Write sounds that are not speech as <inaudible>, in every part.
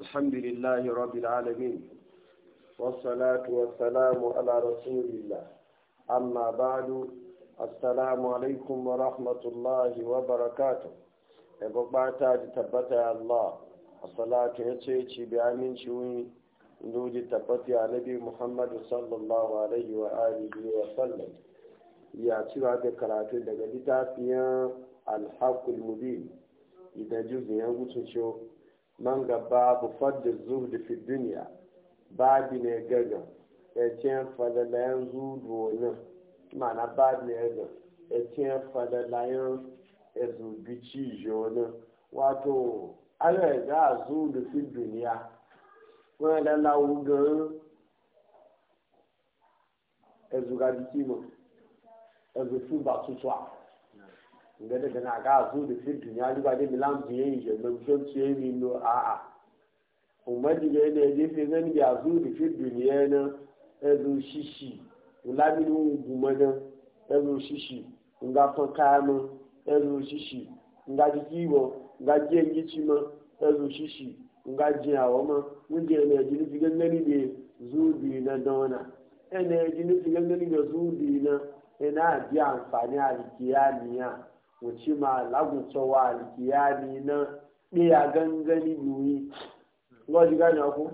الحمد لله رب العالمين والصلاة والسلام على رسول الله أما بعد السلام عليكم ورحمة الله وبركاته يبقى تبتع الله الصلاة يتشيشي بأمين شوي نوجي تبتع نبي محمد صلى الله عليه وآله وسلم ya ci gaba da karatu daga littafiyan alhaƙul mubin idan juzin ya wuce ciwo man ga babu fadda zuhdi fi duniya babi ne gaga ya ce falalayen zuhudu nan mana babi ne gaga ya ce falalayen ezubi cijo nan wato ala ya ga fi duniya wani lalawu gan ezuga jiki mu ezufu ba tutuwa nga daga na ga zo da fil dunya duba da milan biye yi da mutum no a a umma diga ne je fi zan ya zo de fil dunya na ezu shishi ulabi no guma da ezu shishi nga fa kanu ezu shishi nga dikiwo nga je ngichi ma ezu shishi nga awo ma ne je ni diga ne ni na dona ene je ni diga ni na amfani a rikiya niya wuce ma laguncewa alkiyami na ɗaya gangani yiwu lọ́jí gani ọkụ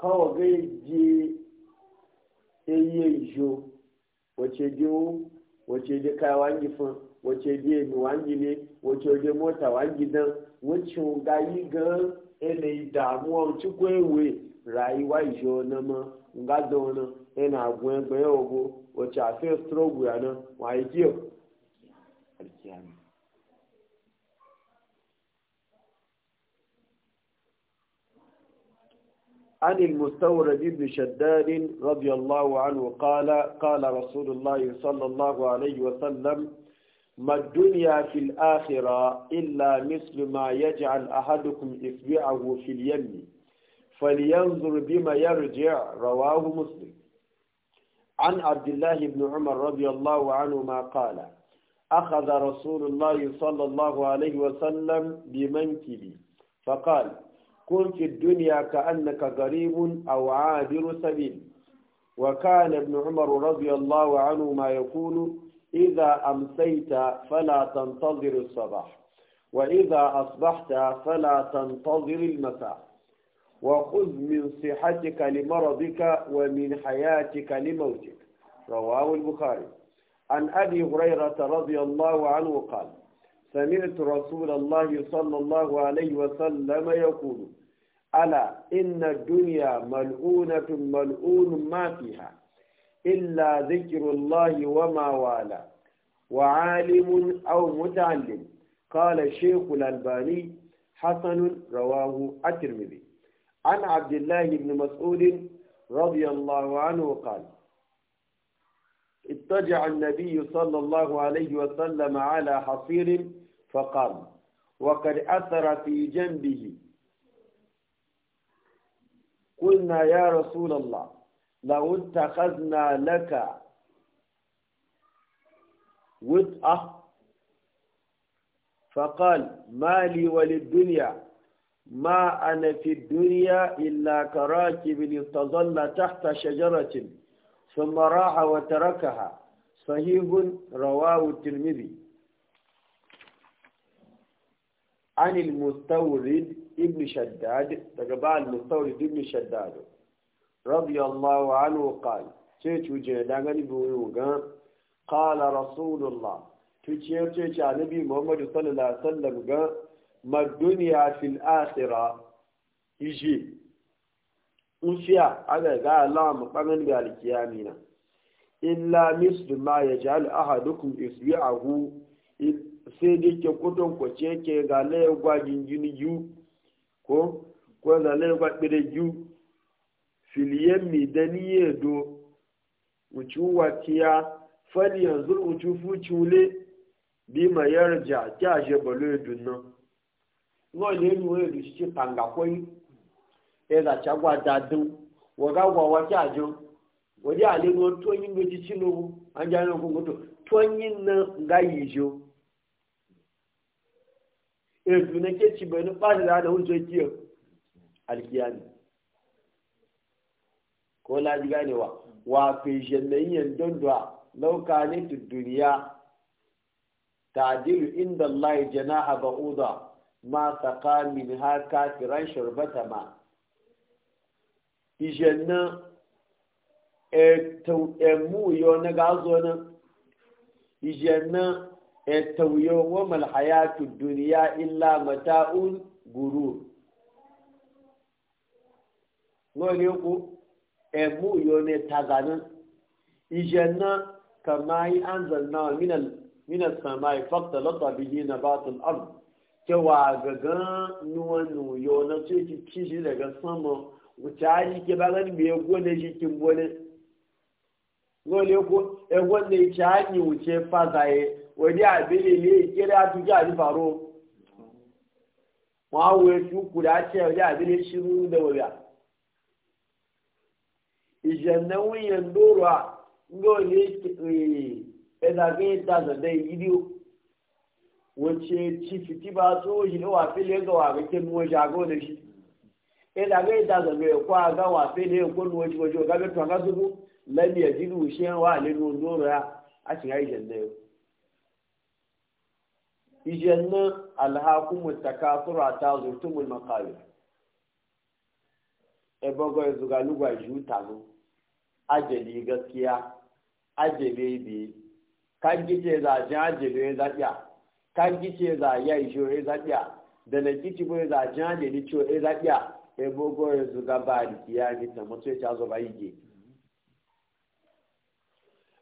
kọ́wọ̀ gẹ́ di eye ìṣó wòce di owó wòce di káyà wá ń jí fún wòce ga yí gan ẹnì ìdààmú ọ̀túnkọ́ èwe ra ìwá ìṣó ọ̀nà nga dán na ẹnì àgùn ẹgbẹ́ يعني عن المستورد بن شداد رضي الله عنه قال قال رسول الله صلى الله عليه وسلم ما الدنيا في الآخرة إلا مثل ما يجعل أحدكم إصبعه في اليم فلينظر بما يرجع رواه مسلم عن عبد الله بن عمر رضي الله عنهما قال أخذ رسول الله صلى الله عليه وسلم بمنكبي فقال كن في الدنيا كأنك غريب أو عابر سبيل وكان ابن عمر رضي الله عنه ما يقول إذا أمسيت فلا تنتظر الصباح وإذا أصبحت فلا تنتظر المساء وخذ من صحتك لمرضك ومن حياتك لموتك رواه البخاري عن أبي هريرة رضي الله عنه قال سمعت رسول الله صلى الله عليه وسلم يقول ألا إن الدنيا ملؤونة ملؤون ما فيها إلا ذكر الله وما والى وعالم أو متعلم قال الشيخ الألباني حسن رواه الترمذي عن عبد الله بن مسعود رضي الله عنه قال اتجع النبي صلى الله عليه وسلم على حصير فقام وقد أثر في جنبه قلنا يا رسول الله لو اتخذنا لك وطأة فقال ما لي وللدنيا ما أنا في الدنيا إلا كراكب استظل تحت شجرة ثم راح وتركها صحيح رواه الترمذي عن المستورد ابن شداد تقبع المستورد ابن شداد رضي الله عنه قال بيوغان قال رسول الله تيت تيت نبي محمد صلى الله عليه وسلم ما الدنيا في الآخرة يجي nfiya aga ga alam ɓangan ga alkiyami na illa mislu ma ya ji al'ahadukum isbi'ahu sai dai ke ko kwace ke ga laye gwa gingini yu ko ko ga laye gwa ɓire yu filiyen mi da niye do wuci watiya fali yanzu wuci fuci wule bi ma yarja kya je balo ya dunna. Ngo le ni wo ya dushi tanga koyi sai za ta gwa dadin wa ga gwa wa ta jo wadi ale no to yin do ji chino an ja no ko to to yin na ga yi jo e du ne ke ci da da hun jo alkiyani ko la ji gane wa wa fi jannayin don duwa lauka ne duniya تعديل عند الله جناح بعوضة ما سقى منها كافرا شربة ماء ijen na emu yo na gazo na ijen na etauyo wa hayatu duniya illa mata'un guru lórí oku emu yo ne tazanin ijen kama yi an zanna minas samai fakta lọ́tọ̀ biyi na batul abu cewa gagan nuwa nuyo na ce kishi daga saman wuce ke ba be bai gole shi kin gole gole ko e gole ci aji wuce fazaye wani abele ne kere a ja aji faro wọn awo etu kura ce wani abele shiru da wuya ìṣẹ̀lẹ̀ wúnyẹ̀ ń dòrò à gole ẹ̀dàgbé dàzọ̀dẹ̀ ìdí wọ́n ṣe ci fìtí wa tó yìí lọ́wọ́ àfẹ́lẹ́ gọ̀wà àgbẹ̀kẹ́ mú ọjà gọ́ọ̀lẹ́ yìí e ga ida da me kwa ga wa fe ne ko no ji gojo ga be ga zugu la mi ushe she wa le no ndoro ya a ci ga ijenne ijenne alhaakum takathur atazurtum almaqabir e bogo zuga lugwa ebe no ajeli gaskiya ajebe bi kan gice za jan ajebe za ya gice za ebogo ya zuga ba a ya ne ta mutu ya cazo ba yige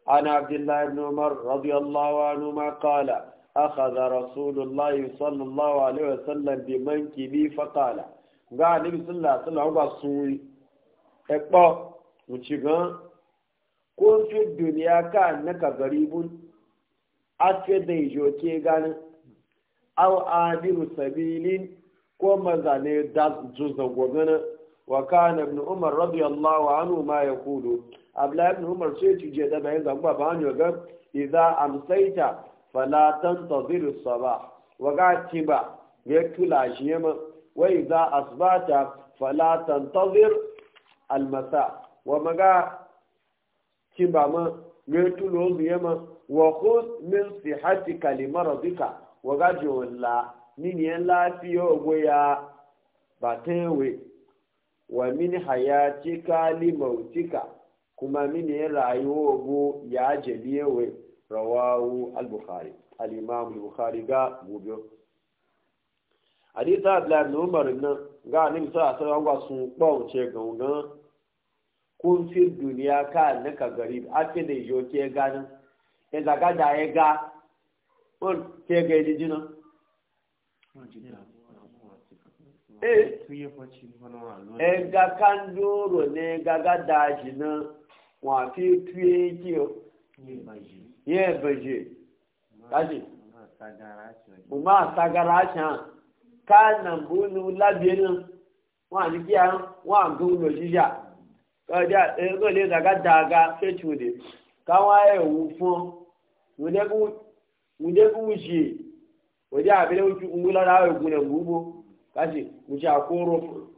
عن عبد الله بن عمر رضي الله عنهما قال أخذ رسول الله صلى الله عليه وسلم بمنكبي فقال قال النبي صلى الله عليه وسلم سوي أكبر وشيغان كن في الدنيا كأنك غريب أتفيد يجوكي قال أو آمر سبيل ko mazane da zuza gwagana wa kana ibn umar radiyallahu anhu ma kudu. abla ibn umar sai ci je da bayan zamba ba hanyo ga idza amsayta fala tantazir as-sabah wa ga ci ba ya tula shi ma wa idza asbata fala tantazir al-masa wa maga ci ba ma ya tulo ma wa khudh min sihhatika limaradika wa ga jolla mini yan ya goya ba ta yawe wa mini hayatika limautika kuma mini yan rayuwa go ya jaliyewe rawawu al-bukhari al-imam al ga gobe hadisa abdullahi umar nan ga nim sa sai ga sun bauce gangan kun fi duniya ka na gari ake da yoke ganin in zaga da ya ga on ke ga jina ẹ̀ẹ́gá eh. eh, kándóró ní gágá dáàjì náà wọ́n á fi tú èjì ó yẹ́ ẹ̀bẹ̀jẹ̀ kaji mo máa sagara ṣan ká nàbó nu lábẹ́ náà wọ́n á ní kí wọ́n á gún lọ yíyà waje abin wuce umula da hawa gunan gubo kashi wuce a koro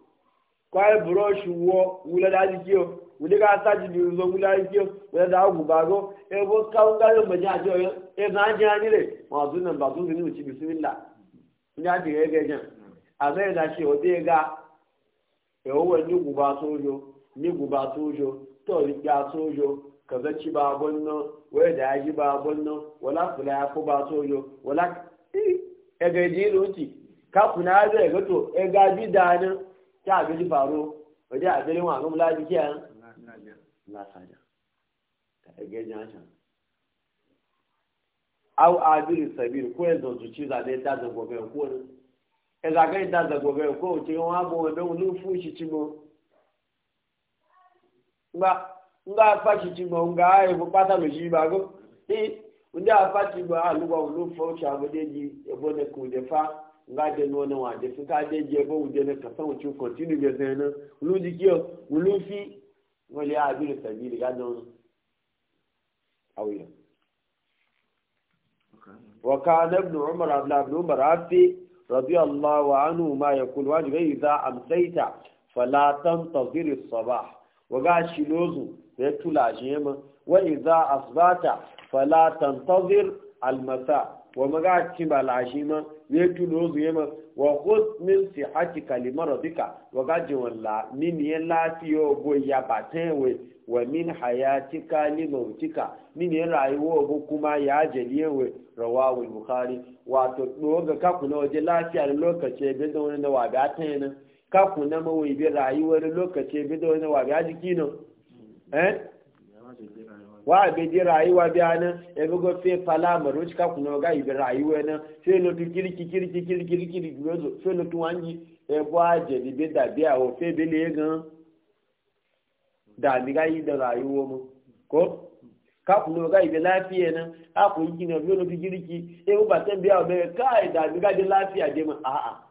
kwaye buroshi wo wula da jikiyo wuli ka saji bi uzo wula jikiyo wula da hagu bago ebo kawun gari maji a jiyo ebo e an jiya nile masu nan ba sun zini wuce bisimila ni a jiya ga jan a zai da shi waje ga yawo e ni guba sojo ni guba sojo to riga sojo kaza ci ba bonno wai da ya ji ba bonno wala kula ya ko ba sojo wala ẹgbẹ̀jì <laughs> ga eji ájọ ẹ̀gọ́tò ẹgbà dídáni tí àgbẹ̀jì fàró ọjọ́ àgbẹ̀rẹ̀ wọn àgbọ̀mọ́ láti kí ẹ̀hán lásàjà ẹgbẹ̀jì ko za ne da ga ko ne e za ga da zago ga ko wanda a faci ba a luwa wulu fauca ba dai ji yabo da ku da fa nga da nona wa da ka da ji yabo wuje na kasan wuce continue da zai nan wulu jiki wulu fi wali a bi da sabi da gadon auya wa kana ibn umar abdullah ibn umar afi radiyallahu anhu ma yaqul wa idza amsayta fala tantazir as-sabah waga shi lozu ya tula shi yamma wa idza asbata fala tantazir almasa wa maga ci balashi ma ya tulo zu ma. wa khudh min sihatika kalimar maradika wa ji walla min ya lafiyo go ya batewe wa min hayati kalimar mautika min ya rayuwa go kuma ya jaliyewe rawahu bukhari wato doga ka kula waje lafiya lokaci da wani da wa ga kaku na mawai bi rayuwar lokaci bi da wani wabi aji kino eh wa bi di rayuwa bi ana e bi go fe fala maro ci kaku na ga ibi rayuwa na sai no tu kirki kirki kirki kirki di gozo sai no tu wanji e bo aje di bi da bi a o fe bi le gan da mi ga yi da rayuwa mu ko kakuno ga ibe lafiya nan aku yi na e biyo bi girki e ba tan biya be kai da mi ga di lafiya de ma a a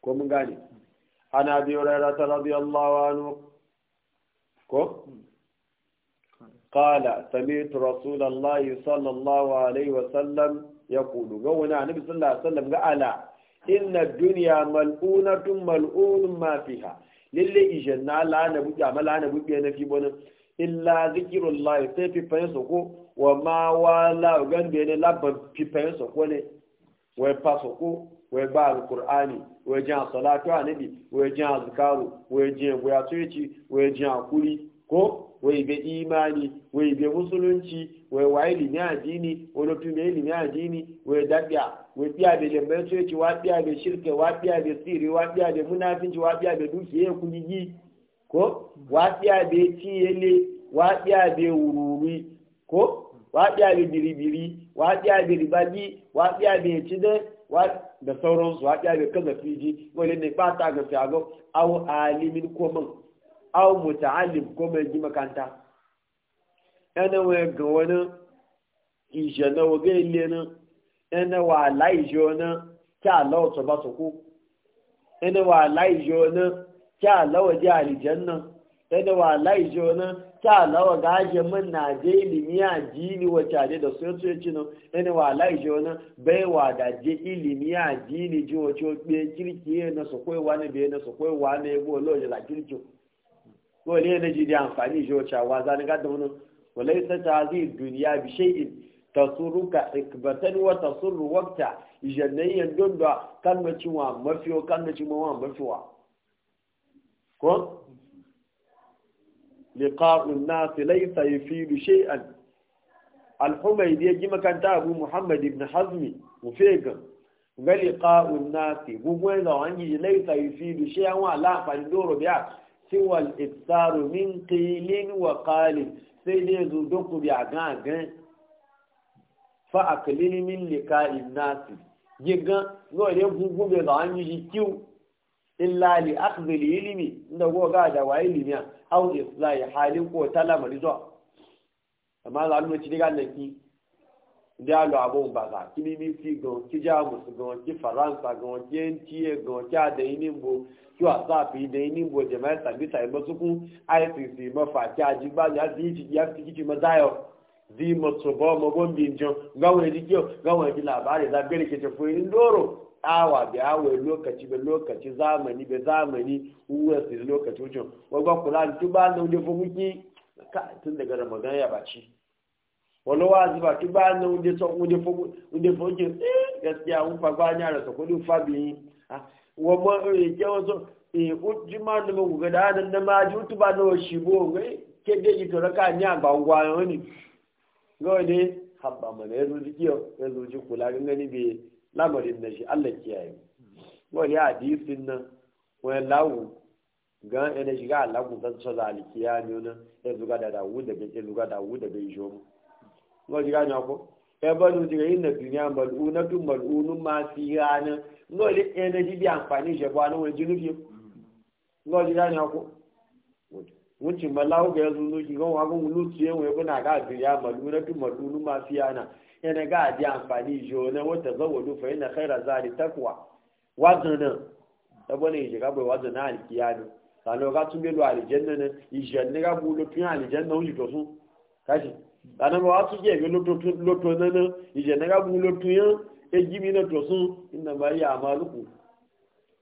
ko mun gane عن ابي هريره رضي الله عنه قال سمعت رسول الله صلى الله عليه وسلم يقول قولنا النبي صلى الله عليه وسلم قال ان الدنيا ملؤونه ملؤون ما فيها للي اجنا لا نبي نبوك لا انا في بنا الا ذكر الله في فيسوكو وما ولا غنبين لابن في فيسوكو ويباسوكو ويبا القرآن wajen salatu anabi wajen azkaru wajen guyatoci wajen akuri ko wai imani wai musulunci wai wa ilimi addini wai lotu me ilimi addini wai dabiya wai biya be lembar coci wa shirke wa biya be siri wa biya be munafinci wa biya be dukiye ko wa biya tiyele ko biribiri da sauransu wa ƙyale kaza fiji wani ne ba ta ga shago au alimin ko man au muta'allim ko mai ji makanta yana wani ga wani ije na waga ile na yana wa laijo na kya lawa ta ba su ku yana wa laijo na kya lawa ji alijan nan da wa laije wani ta lawa gaje min na je ilimi a jini wa ne da sun ce cinu ina wa laije wani bai wa da je ilimi a jini ji cewa ɓe kirki ya na su koi wani bai na su koi wani ya bo loje la kirki ko ne na ji da amfani ji wacce wa zani ga da wani walai ta ta zai duniya bi ta tasuruka ikbatan wa tasurru waqta jannayyan dunda kan wa mafiyo kan wa mafiwa ko liqa'un nas laysa yufidu shay'an al-humaydi yaji makanta abu muhammad ibn hazm mufega ga liqa'un nas gugu da wangi laysa yufidu shay'an wa la fa doro biya siwa al-ibsaru min qilin wa qalin sai dai zu doku biya ga ga fa aqlil min liqa'in nas yiga no ye gugu da wangi kiu illa li akhdhi li ilmi inda go ga da wa ilmi ya aw islahi halin ko tala marizo amma za mu ci diga laki da lo abun ba za ki bibi fi go ki ja mu go ki faransa go ki ntie go ki ada inimbo ki whatsapp ida inimbo jama'a sabita ibo suku icc mafa ki aji ba ya ti ya ti ki mazayo zai matso ba magon binjan gawon ji kyau gawon di labari za gari ke tafi in doro awa bi awa lokaci be lokaci zamani be zamani uwa su lokaci wucin wagwa kula tu ba na wuje fukuki ka tun daga ramadan ya baci wani wazi ba tu ba na wuje son wuje a eh gaskiya un fa ba nyara sa kudin fa bi wa ma eh kyawun so e ujima da mu ga da nan da ma jutu ba na wa shibo ngai kede ji to raka nya ba ngwa ni gawa ne haɓa mana ya zo ji ya zo kula gangani bai lamarin na shi Allah kiyaye gawa ne nan wani gan ene shiga alagun san so da alikiya ni ona zuga da dawu da be zuga da dawu da be jom ngo diga nya ko e ba nu diga inna dunya maluna tu malunu ma fiya na ngo le ene di bi amfani ba na wani junubi ngo diga nya ko wuncin malawu ga yanzu zo shigan wagon wulutu yan wai kuna ga biya maluna tu malunu ma fiyana yana ga adi amfani jona wata zawadu fa yana khaira zali takwa wazana tabo ne shiga bai wazana alkiyani sanu ga tun belu aljanna ne ijanna ga bu lutun aljanna wuji to su kashi sanu ba wasu je ga lutun lutun nan ijanna ga bu lutun yan ejimi na to su inna ma ya amaluku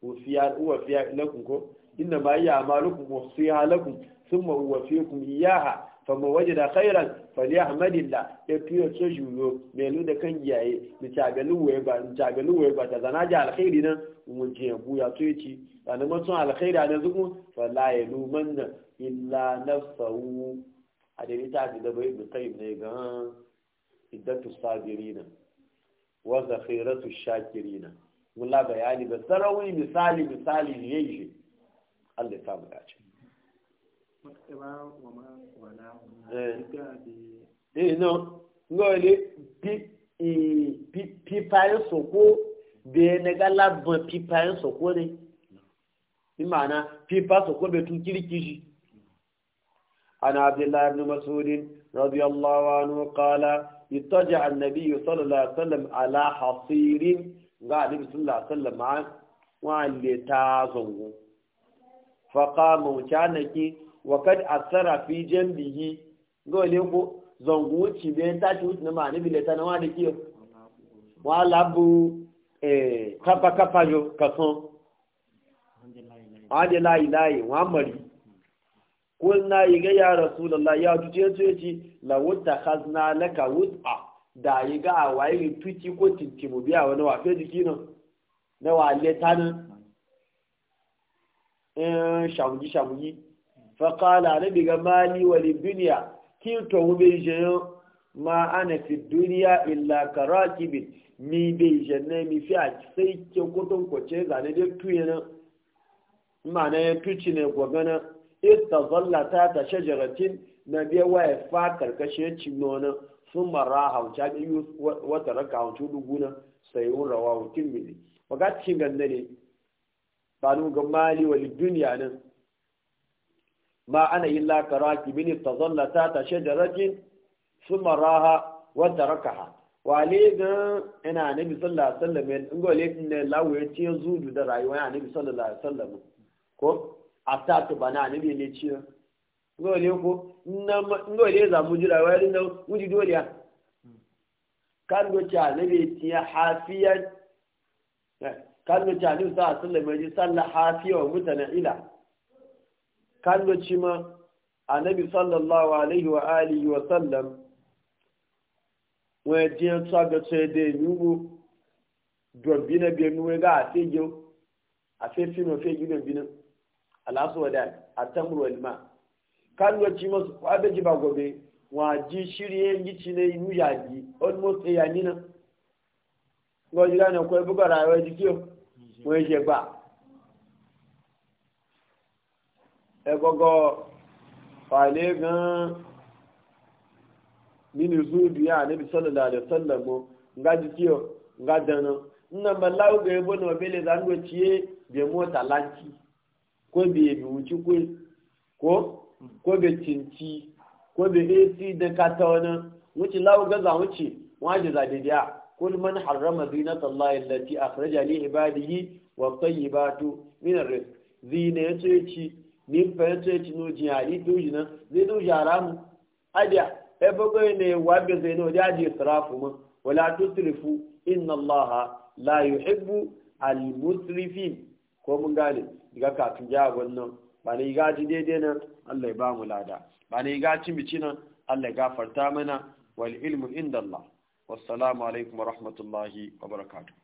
wa fiya wa fiya lakum ko inna ma ya amaluku wa fiya lakum ثم وفيكم إياها فما وجد خيرا فليحمد الله يبيو تشجو ميلو دا كان جاي متاغلو ويبا متاغلو ويبا تزانا جا الخير نا ومجي ابو يا تويتي انا ما تون الخير انا زكو فلا يلومن الا نفسه ادري تا دي دبي بطيب ني غان عدة الصابرين وذخيرة الشاكرين ولا بياني بسروي تروي مثالي مثالي يجي الله يسامحك Eh. eh no soko be ne bon soko imana soko be tun ana abdullah ibn mas'ud radiyallahu anhu qala ittaja an-nabiy sallallahu alaihi wasallam ala hasirin ga annabi sallallahu alaihi wasallam wa le ta faqama wucanaki wa kad asara fi jambihi go le ko zongu ci be ta ci na ma ni ta na wa de kiyo wa labu eh kapa kapa yo kason wa de layi layi wa mari kul na yi ga ya rasulullah ya tuce tuce ci la wutta khazna laka wuta da yi ga a waye tuci ko tintimu biya wani wa fe jiki nan na wa ta nan eh shamuji shamuji faƙala na biga mali wani duniya kin tohu bai jiyan ma ana fi illa kara kibi mi bai jiyan na mi fi sai ke kudin kwace ga na dai tuye ya tuci ne gwagana ita zalla ta ta shajaratin na biya waya fa karkashe ya ci sun mara hauta biyu wata raka hauta dubu na sai yi rawa hutun mili ba ga wani duniya nan ma ana illa karaki bin tazallata ta shajaratin summa raha wa tarakaha wale ina annabi sallallahu alaihi wasallam in ga wale ne lawo ya ce zudu da rayuwa annabi sallallahu alaihi wasallam ko afta to bana annabi ne ce ga wale ko na ga wale za mu ji rayuwa din nan mu ji dole kan go ci annabi ti hafiyan kan go ci annabi sallallahu alaihi wasallam ji hafiya wa kando ci ma annabi sallallahu alaihi wa alihi wa sallam wani jiyan tsaga tsaye da yugo dombi na biyan nuwe ga a fegiyo a fefi na fegi dombi na alasu wa da a tamur wa lima kando ci ba gobe wa ji shirye yi ci ne yi yaji a rayuwa mm-hmm. wani ba ẹgọgọ fàlẹ gan nínú zuudu yá níbi sọlọlọ àlẹ sọlọ mọ nga dìtì ọ nga dáná nna ma láwùgọ ebo na ọbẹlẹ zanúwẹ tiẹ bẹ mọta láǹtì kó bẹ ebi wùtí kó kó kó bẹ tìǹtì kó bẹ éèsì dẹkatọ ọ̀nà wùtí láwùgọ zà wùtí wọn á jẹ zàdédé à kúlù mọ́ni harama zinata allah ilẹ̀ ti àkàrẹ́jà ní ibadihi wà tọ́yìí bá tu mí ni fahimta ya cinu jihari duji nan zai duji haramu adiya ya bakwai ne wabe zai na wajen ajiye sarafu ma wala tusrifu inna Allah la yuhibbu al-musrifin ko mun gane diga kafin ja wannan ba ne ga ji daidai nan Allah ya ba mu lada ba ne ga cin bici nan Allah ya gafarta mana wal ilmu inda Allah wassalamu alaikum wa rahmatullahi wa